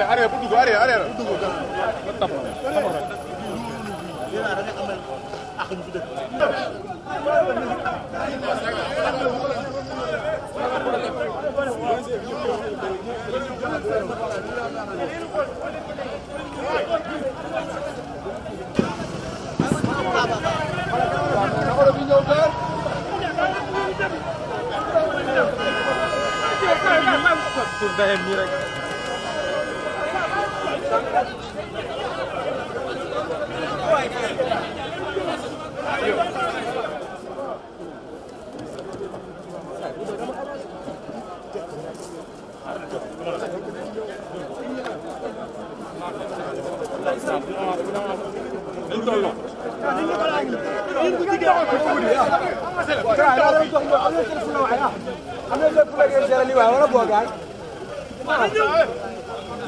arrière arrière bu dugg arrière arrière bu dugg tap tap rek dina da nga amal ak ñu fi dëkk Tudo bem, mira. Hadi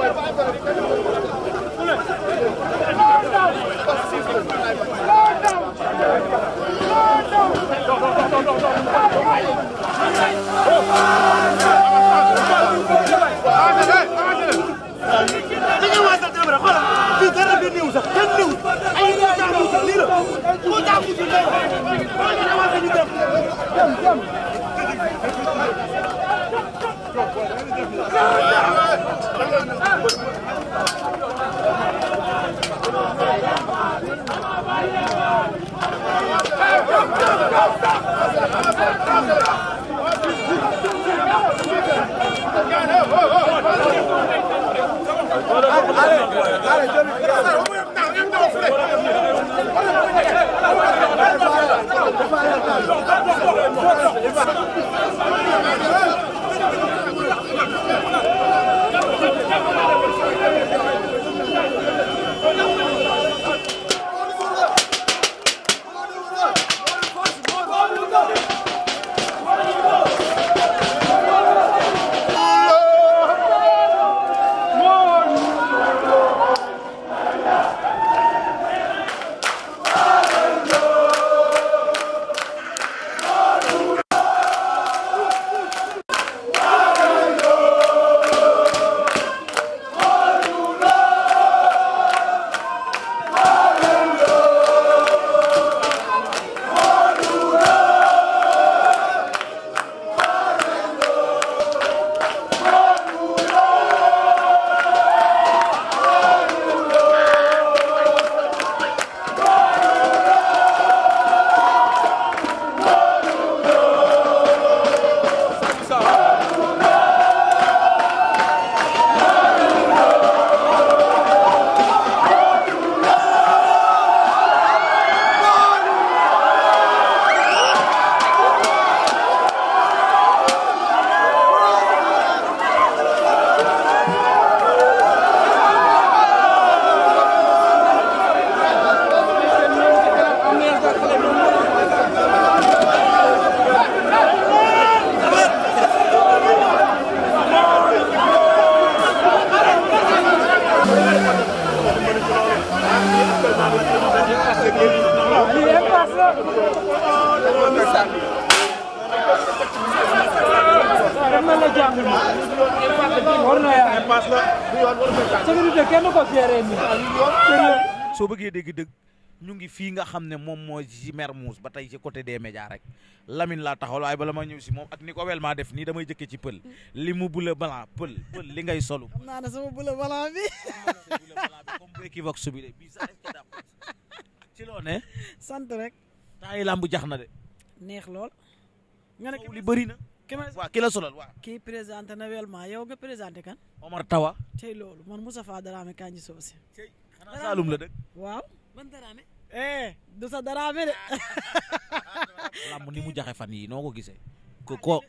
Come, come. Allez, allez, allez, soo bëggee dégg dëgg ñu ngi fii nga xam ne moom mooy ci Mermoz ba tey ci côté des médias rek Lamine laa taxawal waaye bala ma ñëw si moom ak ni ko wel maa def nii damay jëkke ci pël li mu bula blanc pël li ngay solu. xam sama bula blanc bi. comme Equivox bi ci loo ne. sant rek. temps yi làmb jax na de. neex lool. nga ne li bëri na. waaw ki la solal waaw. kii présenté na wellement yow nga présenté kan. Omar Tawa. tey loolu man Moustapha faa Kandji Socé. tey xanaa Saalum la dëkk. waaw man Darame. eh du sa Darame de. ni mu jaxe fan yii noo ko gisee. ko ko ah,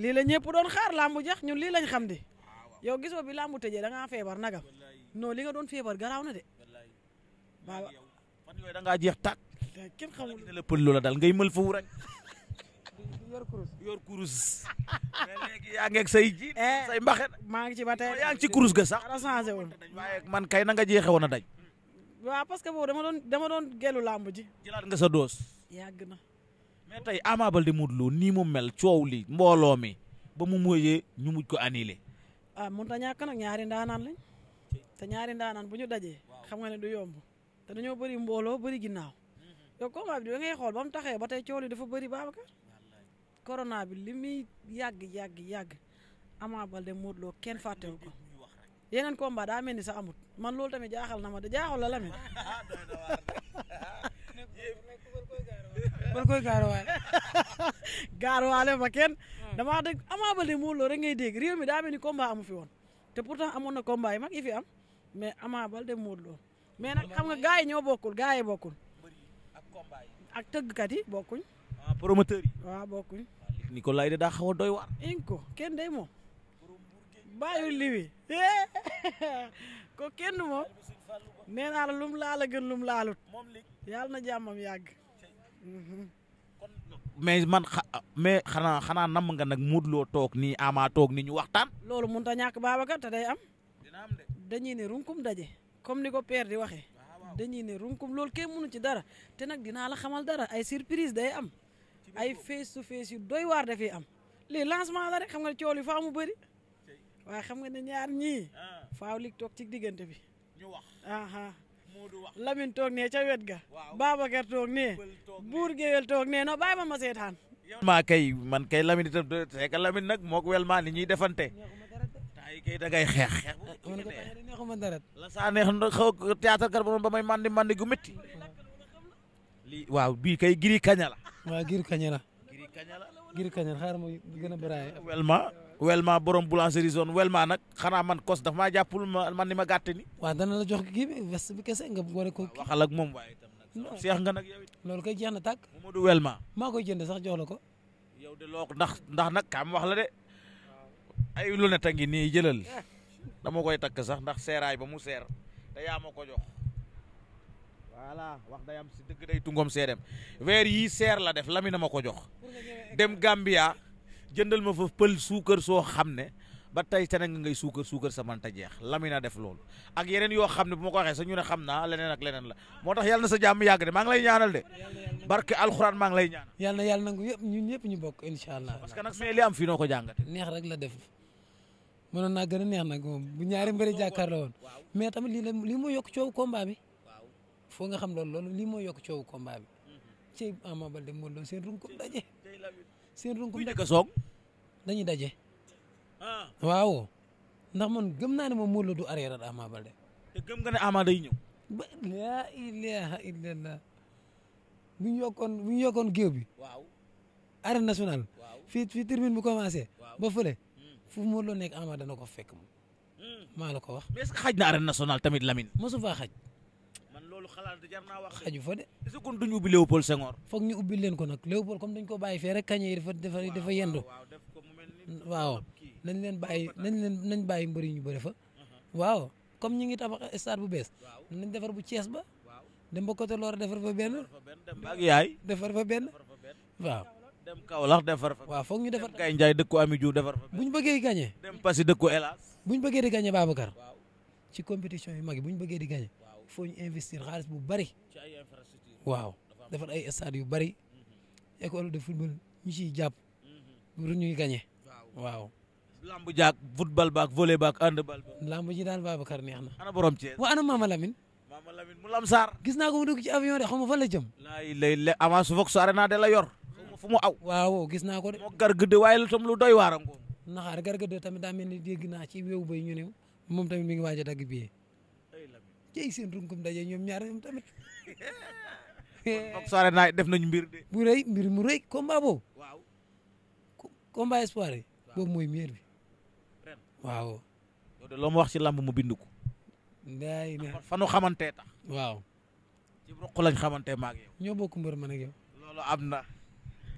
lii la doon xaar làmb jax ñu lii lañ xam de. yow gisoo bi làmb tëjee da ngaa feebar nagam. non li nga doon feebar garaaw na de. waaw fan yooyu da ngaa jeex tàkk. kenn xamul ne la pël ngay mël foofu rek. kurus say ji. Eh, say maa ngi ci ba ci kurus ga sax. dara changé woon waaye man kay nanga nga jeexe woon a daj. waaw parce que boobu dama doon dama doon gelu làmb ji. jëlaat nga sa doos. yàgg na. mais tey Ama Baldé Modou Lo nii mu mel coow li mbooloo mi ba mu mujjee ñu mujj ko annulé. ah mënut a ñàkk nag ñaari ndaanaan lañ te ñaari ndaanaan bu ñu dajee. xam nga ne du yomb. te dañoo bëri mbooloo bëri ginnaaw mm-hmm. yow combat bi da ngay xool ba taxee ba tey coow li dafa bëri Babacar corona bi li muy yàgg yàgg yàgg Ama Baldé Modou Lo kenn fàttewu ko yeneen combat daa mel ni sa amut man loolu tamit jaaxal na ma da jaaxal la la mel. bal koy gaaruwaale gaaruwaale ma kenn mm. damaa dégg amaa bal Modou Lo rek ngay dégg réew mi daa mel ni combat amu fi woon te pourtant amoon na combat yi mag yi fi am mais Ama Baldé Modou Lo mais nag am nga gars yi ñoo bokkul gars yi bokkul ak tëggkat yi bokkuñ. ah yi. waaw bokkuñ. ni ko lay de daa xaw a doy waar. inko kenn day moom. bàyyi liwi ko kenn moom nee naa la lum laala gën lum laalut yàlla na jàmmam yàgg. Mhm. mais man xa mais xanaa xanaa nam nga nag Modou loo toog nii Ama toog nii ñu waxtaan. loolu mënut a ñàkk Babacar te day am. dina am dañuy ne runkum daje. comme ni ko père di waxee dañuy ne runkum loolu kenn mënu ci dara te nag dinaa la xamal dara ay surprise day am ay face to face yu doy waar dafay am lii lancement la rek xam nga ne coow li faaw mu bëri waaye xam nga ne ñaar ñii faaw li toog ci diggante bi ñu wax aha Lamine nee ca wet ga Babacar toog nee buur géwél toog nee na bàyyi ma ma seetaan maa kay man kay Lamine itam c'est que Lamine nag mook wel maa ni ñuy defante kay da xeex. man ko tax neexu ma dara. la saa neex xaw ba may mandi mandi gu métti. waaw bii kay giri kaña la. waaw giri kaña la. giri kaña la. xaaral ma gën a baraaye. welma welma borom boulangerie zone welma nag xanaa man kos dafa maa jàppul ma man ni ma gàtt ni. waaw dana la jox kii bi veste bi kese nga boole ko. waxal ak moom waaye itam nag. seex nga nag yow it. loolu kay jeex na tàkk. Momadou welma. maa koy jënd sax jox la ko. ndax ndax nag kaam wax la de. ay lunette a ngi nii jëlal dama koy takk sax ndax seeraay ba mu seer te yaa ma ko jox voilà wax day am si dëgg day tungom seerem weer yii seer la def Lamine ma ko jox dem Gambia jëndal ma fa pël suukar soo xam ne ba tey te nga ngay suukar suukar sa manta jeex Lamine a def loolu ak yeneen yoo xam ne bu ma ko waxee sa ñu ne xam naa leneen ak leneen la moo tax yàlla na sa jàmm yàgg de maa ngi lay ñaanal de barke alxuraan maa ngi lay ñaanal. yàlla na yàlla nangu yëpp ñun ñu bokk incha allah. parce que nag mais li ko jàngat. neex rek la def. mënoon na gën a neex nag moom bu ñaari mbëri jàkkaarloo woon mais tamit lii la lii moo yokk coow combat bi foo xam loolu lii moo yokk coow combat bi mhm. ci Ama Baldé Modou Lô seen runkum daje seen runkum daje soog dañuy daje ah. waaw ndax man gëm naa ne moom Modou Lô du arrière at Ama Baldé te gëm nga ne Ama day ñëw ba laa ilaha illallah bu ñu yokkoon bu ñu yokkoon géew bi waaw arène nationale fii bu commencé ba fële foofu Modou Lo nekk Ama dana ko fekk moom. Hmm. maa la ko wax. mais est-ce que xaj na arène nationale tamit Lamine. mosu faa xaj. man loolu xalaat jar naa wax. xaju fa de. est-ce que kon duñu ubbi Léopold Senghor. foog ñu ubbi leen ko nag Léopold comme ko bàyyi fee kañe yi dafa dafa dafa yendu. waaw nañ leen bàyyi nañ ñu bëri fa. Uh-huh. waaw comme ñi ngi tabax stade bu bees. nañ defar bu Thiès ba. dem ba côté Loor defar fa benn. defar fa benn. waaw. dem Kaolack defar fa. waaw foog ñu defar kay Ndiaye fa. bu ñu bëggee gagné. dem Passy ci compétition yi bu ñu bëggee di gagné. il investir xaalis bu bari. ci ay waaw defar ay stade yu bari. Mhm. école de football ñu ciy jàpp. Mhm. pour ñuy gagné. waaw. lamb jaak football baak volley baak handball baak. lamb ji daal Babacar neex na. ana borom Thiès waaw ana Mama Lamine. Mama Lamine mu lamsaar. gis naa ko mu dugg ci avion de xam nga jëm. laay lay lay avance Vox de la yor. fu mu aw. waaw gis naa ko de. moo gargade waaye lu tam lu doy waar a ngoon. naxaar gargade tamit daa mel ni dégg naa ci wéewu bay ñu ne moom tamit mi ngi waaj a dagg biyee. jëy seen runkum daje ñoom ñaar ñoom tamit. def nañ mbir de. bu rëy mbir mu rëy combat boobu. waaw. ma wax ci mu bind ko. ndaay tax. waaw.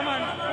commande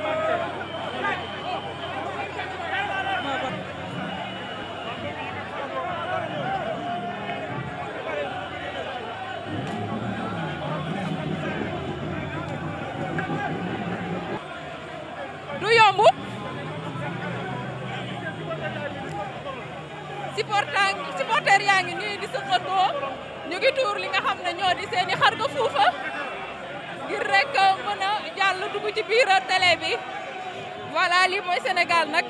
Sénégal nag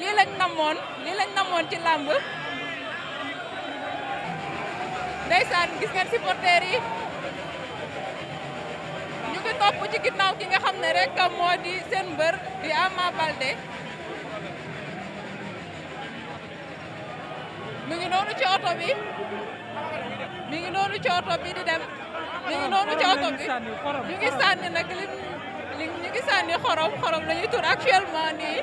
lii lañ namoon lii lañ namoon ci làmb ndeysaan gis ngeen supporters yi ñu ngi topp ci ginnaaw ki nga xam ne rek moo di seen mbër di Ama Baldé mi ngi noonu ci oto bi mi ngi noonu ci oto bi di dem mi ngi noonu ci oto bi ñu ngi sànni nag lim ngi sànni xorom xorom la ñuy tur actuellement nii.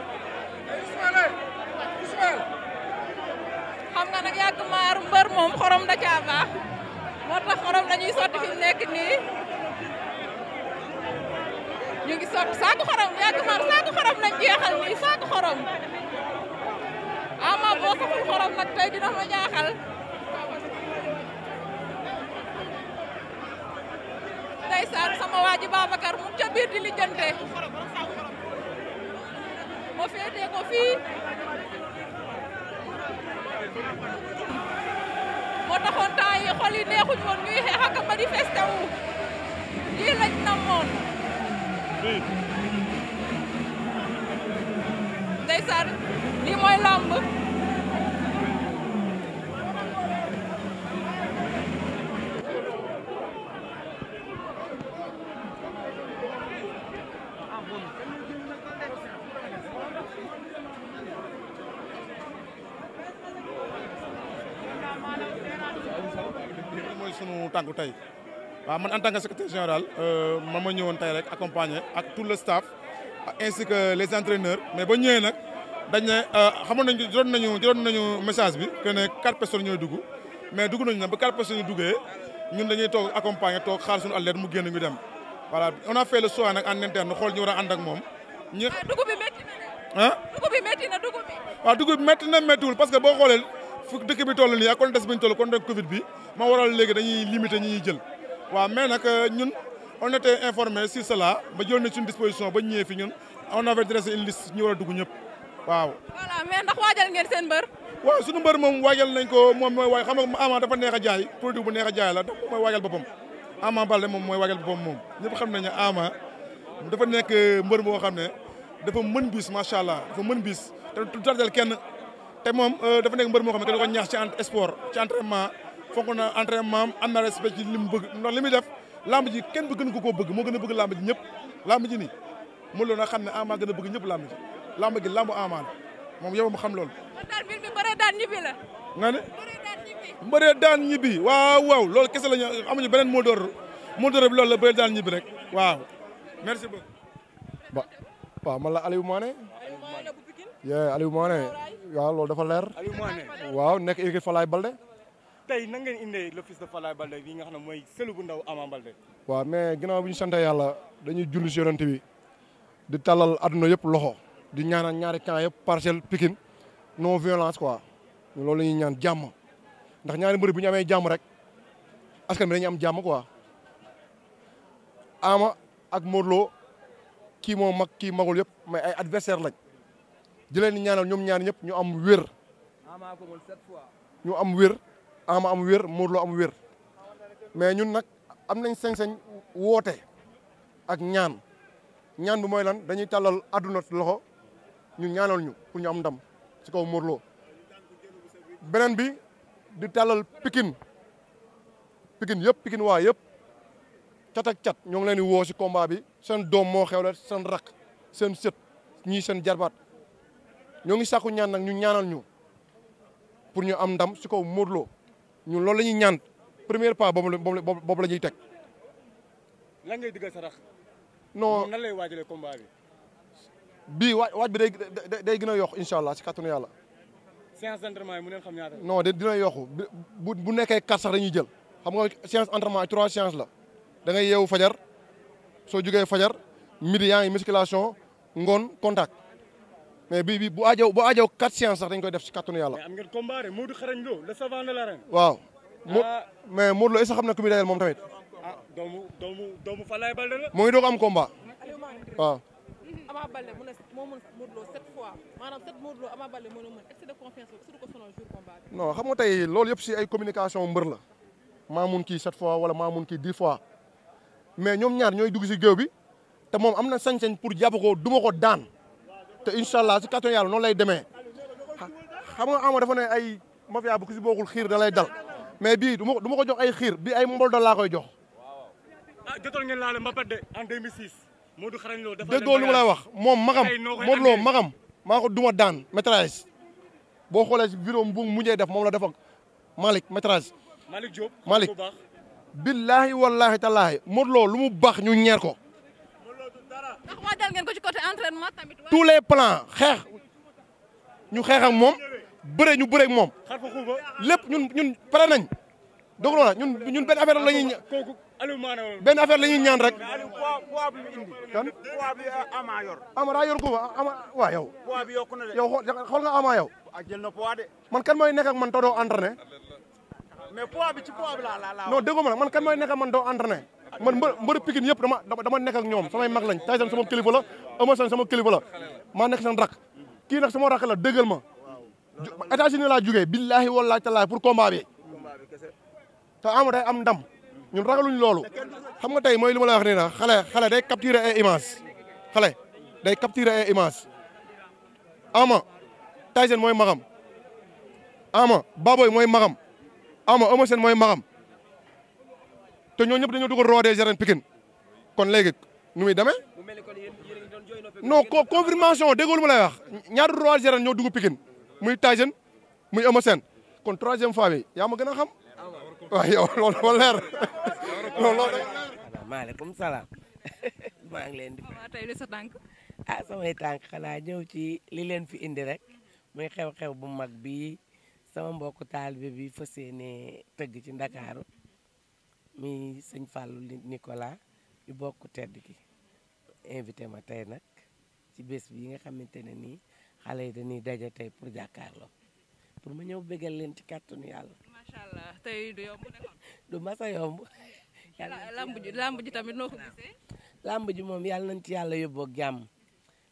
xam nga nag yàgg maar mbër moom xorom da caa baax moo tax xorom la ñuy sotti fi mu nekk nii ñu ngi ama boo soxul xorom nag tey dina ma ndeysaan sama waa ji Babacar mu ca biir di lijjante ma féetee ko fii moo taxoon temps yi xol yi neexuñ woon ñuy xeex ak manifesté wu lii lañ namoon ndeysaan lii mooy làmb tey waaw man en tant que secrétaire général euh, man ma ñëwoon tey rek accompagner ak tout le staff ainsi que les entraîneurs mais ba ñëwee nag dañ ne euh, xamoon nañu message bi que ne quatre personnes ñooy dugg mais dugg nañu nag ba quatre personnes yu duggee ñun dañuy toog accompagner toog xaar suñu athlète mu génn ñu dem voilà on a fait le choix nag en interne ñu war a moom. ñu ah bi métti na de. ah dugub bi métti na dugub bi. waaw parce que boo xoolee. fu dëkk bi toll nii ak contexte bi ñu toll contexte Covid bi ma waral léegi dañuy limiter ñi ñuy jël waaw mais nag euh, ñun on était informé sur cela ba jël na suñu disposition ba ñëwee fi ñun on avait dressé une liste ñu war a dugg ñëpp waaw. voilà mais ndax waajal ngeen seen mbër. waaw suñu mbër moom waajal nañ ko moom mooy waay xam nga Ama dafa neex a jaay bu neex la dafa mooy waajal boppam Ama Baldé moom mooy waajal boppam moom ñëpp xam nañ ne Ama dafa nekk euh, mbër boo xam ne dafa mën bis macha allah dafa mën bis te du tardel kenn. te moom euh, dafa nekk mbër moo xam ne da ko ñaax ci en sport ci entraînement fonk na entraînement am na respect ci li bëgg ndax li muy def lamb ji kenn gën ko koo bëgg moo gën a bëgg lamb ji ñëpp lamb ji nii mu loolu nag xam ne ama gën a bëgg ñëpp lamb ji lamb gi lambu ama moom yow ma xam lool daal mbir daan ñibbi la. nga ne bëree daan ñibbi waaw waaw loolu kese la ñu amuñu beneen moo door moo door lool loolu la bëree daan ñibbi rek waaw merci beaucoup. ba waaw man la Aliou yee Aliou Mané waaw loolu dafa leer. Aliou waaw nekk équipe Falaye Balde. tey na ngeen indee le fils de Falaye Balde bi nga xam ne mooy selu bu ndaw Ama Balde. waaw mais ginnaaw bi ñu sant yàlla dañuy julli si yonent bi di tallal adduna yëpp loxo di ñaanal ñaari camp yëpp parcelle Pikine non violence quoi loolu la ñaan jàmm ndax ñaari mbir bi ñu amee jàmm rek askan bi dañuy am jàmm quoi Ama ak Modou Lo kii moo mag kii magul yëpp mais ay adversaire lañ. di leen ñaanal ñoom ñaan ñëpp ñu am wér ñu am wér ama am wér Modou Lo am wér mais ñun nag am nañ sañ-sañ woote ak ñaan ñaan bi mooy lan dañuy tàllal àdduna loxo ñu ñaanal ñu pour ñu am ndam ci kaw Modou beneen bi di tàllal Pikine Pikine yëpp pikin waa yëpp cat cat ñoo ngi leen di woo si combat bi seen doom moo xewle seen rakk seen sët ñii seen jarbaat ñoo ngi sàkku ñaan nag ñu ñaanal ñu pour ñu am ndam si kaw Modou ñu loolu la ñuy ñaan premier pas boobu la boobu la ñuy teg. lan ngay diggal sa rax. non lay waajalee combat bi. bii waaj waaj bi day day gën a yokk incha allah si kàttanu yàlla. séance d'entraînement yi mu neen xam ñaata. non de dina yokku bu bu nekkee quatre sax dañuy jël xam nga séance d'entraînement yi trois séances la da yeewu fajar soo jugee fajar midi yaa ngi musculation ngoon contact. mais bii bi bu aajaw bu aajaw quatre séances sax dañ koy def ci kàttanu yàlla. mais am ngeen waaw ah. mais Modou Lo est ah, am combat waaw. Ama Baldé moo mën Modou Lo sept fois maanaam sept Modou Lo Ama Baldé moo mën excès de confiance la non xam nga tey loolu yëpp si ay communication mbër la maa mun kii sept fois wala maa mun kii dix fois mais ñoom ñaar ñooy dugg si géew bi te moom am na sañ-sañ pour jàpp ko duma ko daan. te incha allah si kàttan yàlla noonu lay demee xam nga am dafa ne ay mafia bu ku si bokkul xiir da lay dal mais bii du ma du ko jox ay xiir bii ay mbol da laa koy jox. ah jotoon ngeen laale Mbapat de en 2006. Modou Xarañ Lo dafa déggoo lu ma lay wax moom magam Modou Lo magam maa ko duma daan métrage boo xoolee si vidéo mu mujjee def moom la defak Malick métrage. Malick Diop Malick. billaahi wallaahi tallaahi Modou Lo lu mu baax ñu ñeer ko. tous les plans xeex ñu xeex ak moom bëre ñu bëre ak moom lépp ñun ñun pare nañ donc loolu ñun ñun benn affaire la ñuy benn affaire la ñuy ñaan rek. kan. Ama daa yor ko Ama waaw yow. yow xool nga Ama yow. Ah, man kan mooy nekk ak man doo entraîné. non déggoo ma nag man kan mooy nekk ak man doo entraîné. man mbër mbër Pikine yëpp dama dama nekk ak ñoom samay mag lañ Tyson sama kilifa la Eumeu Sène sama kilifa la maa nekk seen rak kii nak sama rak la dëggal ma états laa jugee billaahi wallaahi tallaahi pour combat bi te ama day am ndam ñun ragaluñ loolu xam nga tey mooy li ma na xale xale day capturer ay image xale day capturer ay image ama Tyson mooy magam ama Baboy mooy magam ama Eumeu Sène mooy magam te ñoo ñëpp dañoo dugal roi des arènes Pikine kon léegi nu muy demee non confirmation déggul ma lay wax ñaari roi des arènes ñoo dugg Pikine muy Tyson muy Eumeu Sène kon troisième fois bi yaa ma gën a xam waaw yow loolu ma leer loolu loolu maaleykum salaam maa ngi leen di tey sa tànk ah samay tànk xanaa ñëw ci li leen fi indi rek muy xew-xew bu mag bi sama mbokku taalibe bi fas yéene tëgg ci Ndakaaru mi sëñ Fallou Nicolas yu bokk tedd gi invité ma tey nag ci bés bi yi nga xamante ne nii xale yi dañuy daje tey pour jàkkaarloo pour ma ñëw bégal leen ci kàttanu yàlla. macha allah tey du yomb ne kon. du masa yomb. làmb ji làmb ji tamit noo ko gisee. làmb ji moom yàlla nañ ci yàlla yóbboo jàmm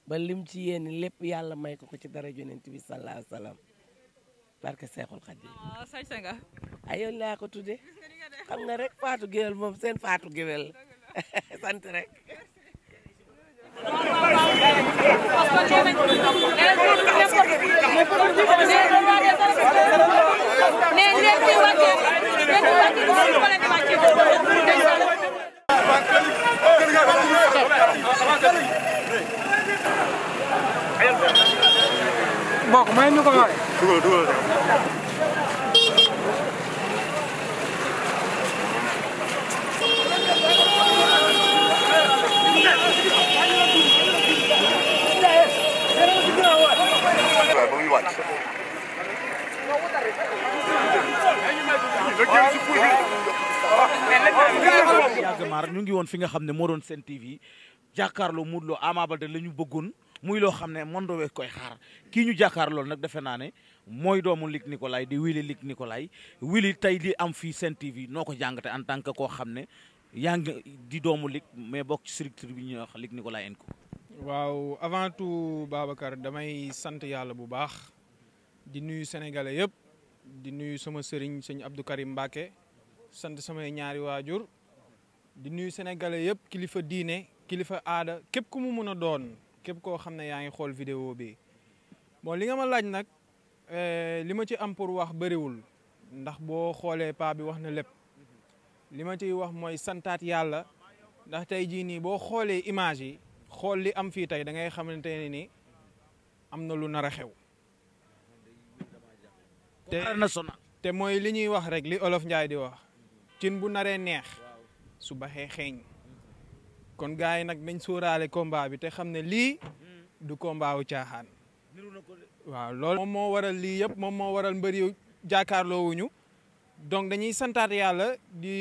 ba lim ci yéen lépp yàlla may ko ko ci dara yonent bi sallallahu alayhi barke Seexul Xadim. waaw sañse nga. ay yoon laa ko tuddee xam nga rek Fatou Guewel moom seen Fatou Guewel sant rek. nee may ñu ko waay. dugal dugal Yàgg maar ñu ngi woon fi nga xam ne moo doon seen TV jàkkaarloo Modou Lo Ama Baldé la ñu bëggoon muy loo xam ne monde we koy xaar kii ñu jàkkaar loolu nag defe naa ne mooy doomu Luc Nicolaï di Willy Luc Nicolaï Willy tey di am fii Sen TV noo ko jàngate en tant que koo xam ne yaa di doomu Luc mais bokk ci siricture bi ñuy wax Luc Nicolaï en ko waaw avant tout Babacar damay sant yàlla bu baax di nuyu sénégalais yëpp di nuyu sama sëriñ sëñ Abdou mbake Mbacke sant samay ñaari waajur di nuyu sénégalais yëpp kilifa diine kilifa aada képp ku mu mën a doon képp koo xam ne yaa ngi xool vidéo bi bon li nga ma laaj nag eh, li ma ci am pour wax bëriwul ndax boo xoolee paa bi wax na lépp li ma ciy wax mooy santaat yàlla ndax tey jii nii boo xoolee image yi xool li am fii tey da ngay xamante ne ni am na lu nar a xew. te te mooy li ñuy wax rek li olof Njaay di wax. cin bu naree neex su baxee xeeñ. kon gars yi nag nañ sooraale combat bi te xam ne lii mm. du combat wu caaxaan. waaw loolu moom moo waral lii yëpp moom moo waral mbër yu jàkkaarloo ñu donc dañuy santaat yàlla di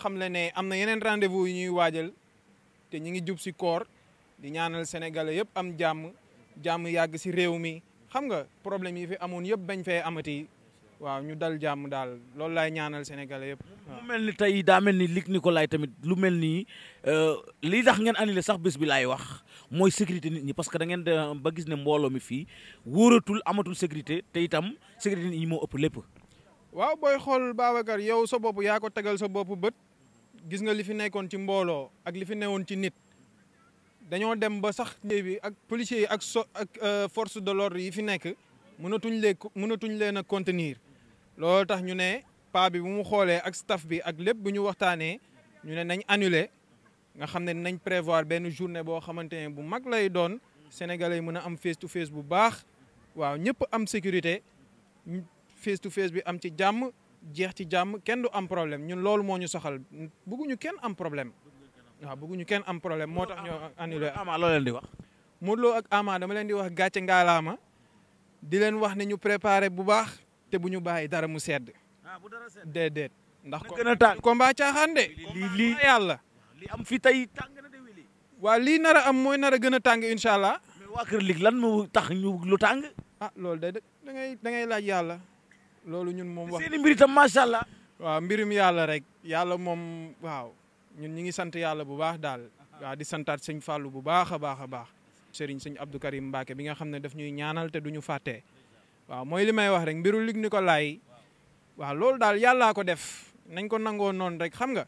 xam le ne am na yeneen rendez-vous ñuy waajal te ñu ngi jub si koor di ñaanal Sénégalais yëpp am jàmm jàmm yàgg si réew mi xam nga problème yi fi amoon yëpp bañ fee amati waaw ñu dal jàmm daal loolu laay ñaanal sénégalais yëpp. mu mel ni tey daa mel ni Luc Nicolaï tamit lu mel nii euh, lii tax ngeen annulé sax bés bi laay wax mooy sécurité nit ñi parce que da ngeen ba gis ne mbooloo mi fii wóoratul amatul sécurité tey itam sécurité nit ñi moo ëpp lépp. waaw booy xool Babacar yow sa bopp yaa ko tegal sa bopp bët gis nga li fi nekkoon ci mbooloo ak li fi newoon ci nit dañoo dem ba sax bi ak policiers yi ak so ak euh, force de l'ordre yi fi nekk mënatuñ leen mënatuñ leen a contenir. loolu tax ñu ne pa bi bu mu xoolee ak staff bi ak lépp bu ñu waxtaanee ñu ne nañ annuler nga xam ne nañ prévoir benn journée boo xamante ne bu mag lay doon sénégalais yi mën a am face to face bu baax waaw ñëpp am sécurité face to bi am ci jàmm jeex ci jàmm kenn du am problème ñun loolu moo ñu soxal bëgguñu kenn am problème waaw ñu kenn am problème moo tax ñoo annulé Ama loo di wax Modou Lo ak Ama dama leen di wax gàcce ngaalaama di leen wax ne ñu préparé bu baax te bu ñu bàyyi dara mu sedd ah, déedéet ndax ko gën a tàng combat caaxaan de lii yàlla am fi tey tàng na de wili waaw lii nar a am mooy nar a gën a tàng incha allah mais waa Kër lan moo tax ñu lu tàng ah, loolu de laaj yàlla loolu ñun moom wax seeni mbir itam macha allah waaw mbirum yàlla rek yàlla moom waaw ñun ñi ngi sant yàlla bu baax daal waaw di santaat sëñ Fallou bu baax a baax a baax Serigne sëñ Abdou Karim Mbacke bi nga xam ne daf ñuy ñaanal te ñu fàttee waaw mooy li may wax rek mbiru Luc Nicolaï waaw loolu daal yàllaa ko def nañ ko nangoo noonu rek xam nga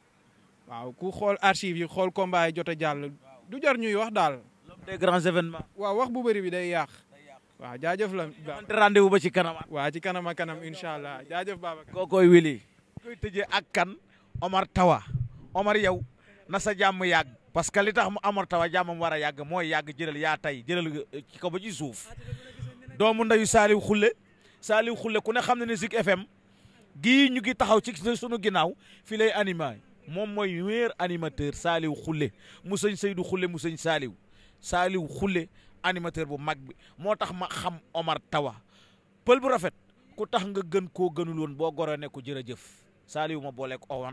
waaw ku xool archive yi xool combat yi jot a jàll du jar ñuy wax daal. des grands événements. wax bu bëri bi day yàq. waaw jaajëf la. rendez-vous ba ci kanam. waaw ci kanam kanam incha allah jaajëf Babacar. kookooy wili. koy tëjee ak kan Omar Tawa Omar yow na sa jàmm yàgg parce que li tax mu Omar Tawa jàmmam war a yàgg mooy yàgg jëral yaa tey jëral euh, ko ba ci suuf. doomu ndeyu Saliou xule saaliw Khoule ku ne xam na ne Zik FM gii ñu ngi taxaw ci sunu ginnaaw fi lay animé moom mooy meilleur animateur saaliw xule mu sëñ Seydou Khoule mu sëñ saaliw saaliw Khoule animateur bu mag bi moo tax ma xam Omar Tawa pël bu rafet ku tax nga gën koo gënul woon boo goree ne ko jërëjëf Saliou ma booleeg Omar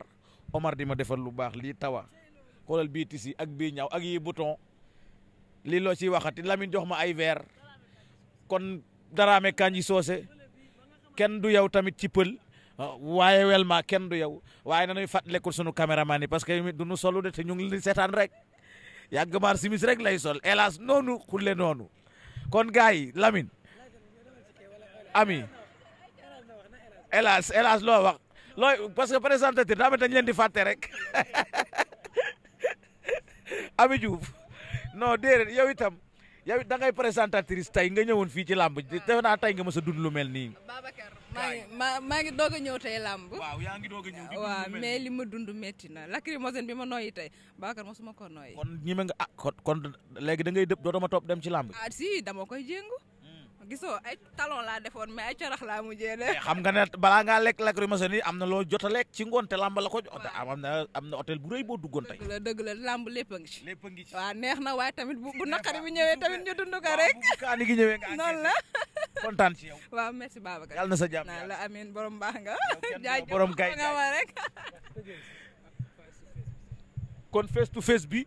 Omar di ma defal lu baax lii Tawa xoolal bii tisi ak bii ñaaw ak yii bouton lii loo ciy waxati lamin jox ma ay verre kon daraame kanji soose kenn du yow tamit ci pël waaye welma kenn du yow waaye nanuy fàttalekul sunu caméraman yi parce que du nu solu de te ñu ngi li seetaan rek yàgg maar simis rek lay sol hélas noonu xulle noonu kon gars yi Lamine ami hélas hélas loo wax parce que présentateur daa mel dañ leen di fàtte rek ami Diouf non déedéet yow itam yow it da ngay présentatrice tey nga ñëwoon fii ci làmb ah. defe naa tey nga mës a dund lu mel nii. Babacar maa ngi maa maa ngi doog a ñëw tey làmb. waaw yaa ngi doog a ñëw li ma dund métti na lacrymogène bi ma nooyi tey Babacar mosuma ko nooyi. kon ñi ma nga ah kon kon léegi da ngay dëpp dootoo ma topp dem ci làmb. ah si dama koy gisoo ay talon laa defoon mais ay corax laa mujjee de. Eh, xam nga ne bala ngaa lekk lacrymogène yi am na loo jot a lekk ci ngoon te làmb la ko. waaw am na am hôtel bu rëy boo duggoon tey. dëgg la dëgg la làmb lépp a ngi ci. lépp a neex na waaye tamit bu bu naqari bi ñëwee tamit ñu dund ko rek. kaani gi ñëwee nga. la kontaan ci yow. waaw merci Babacar. na sa jàmm yàlla amiin borom baax nga. jaajëf borom kay nga ma rek. kon face to face bi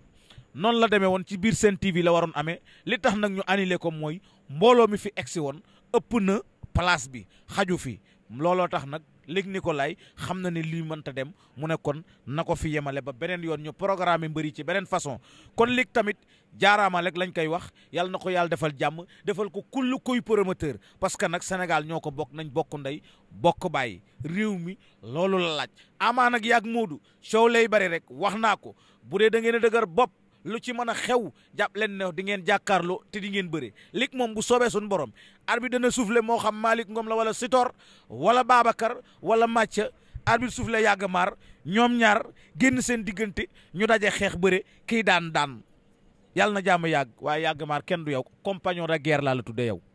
noonu la demee woon ci biir Sen TV la waroon amee li tax nag ñu annulé ko mooy mbooloo mi fi egsi woon ëpp na place bi xaju fi looloo tax nag léegi Nicolas xam na ne lii mënta dem mu ne kon na ko fi yemale ba beneen yoon ñu programme mbëri ci beneen façon kon léegi tamit jaaraama rek lañ koy wax yàlla na ko yàlla defal jàmm defal ko kull kuy promoteur parce que nag Sénégal ñoo ko bokk nañ bokk ndey bokk bàyyi réew mi loolu la laaj. amaa nag yàgg Moodu coow lay bari rek wax naa ko bu dee da ngeen a dëgër bopp. lu ci mën a xew jàpp leen ne di ngeen jàkkaarloo te di ngeen bëre lig moom bu soobee suñu borom arbitre dana soufflé moo xam Malick Ngom la wala Sitor wala Babacar wala Mathia arbitre soufflé yàgg maar ñoom ñaar génn seen diggante ñu daje xeex bëre kii daan daan yàlla na jàmm yàgg waaye yàgg maar kenn du yow compagnon de guerre laa la tuddee yow.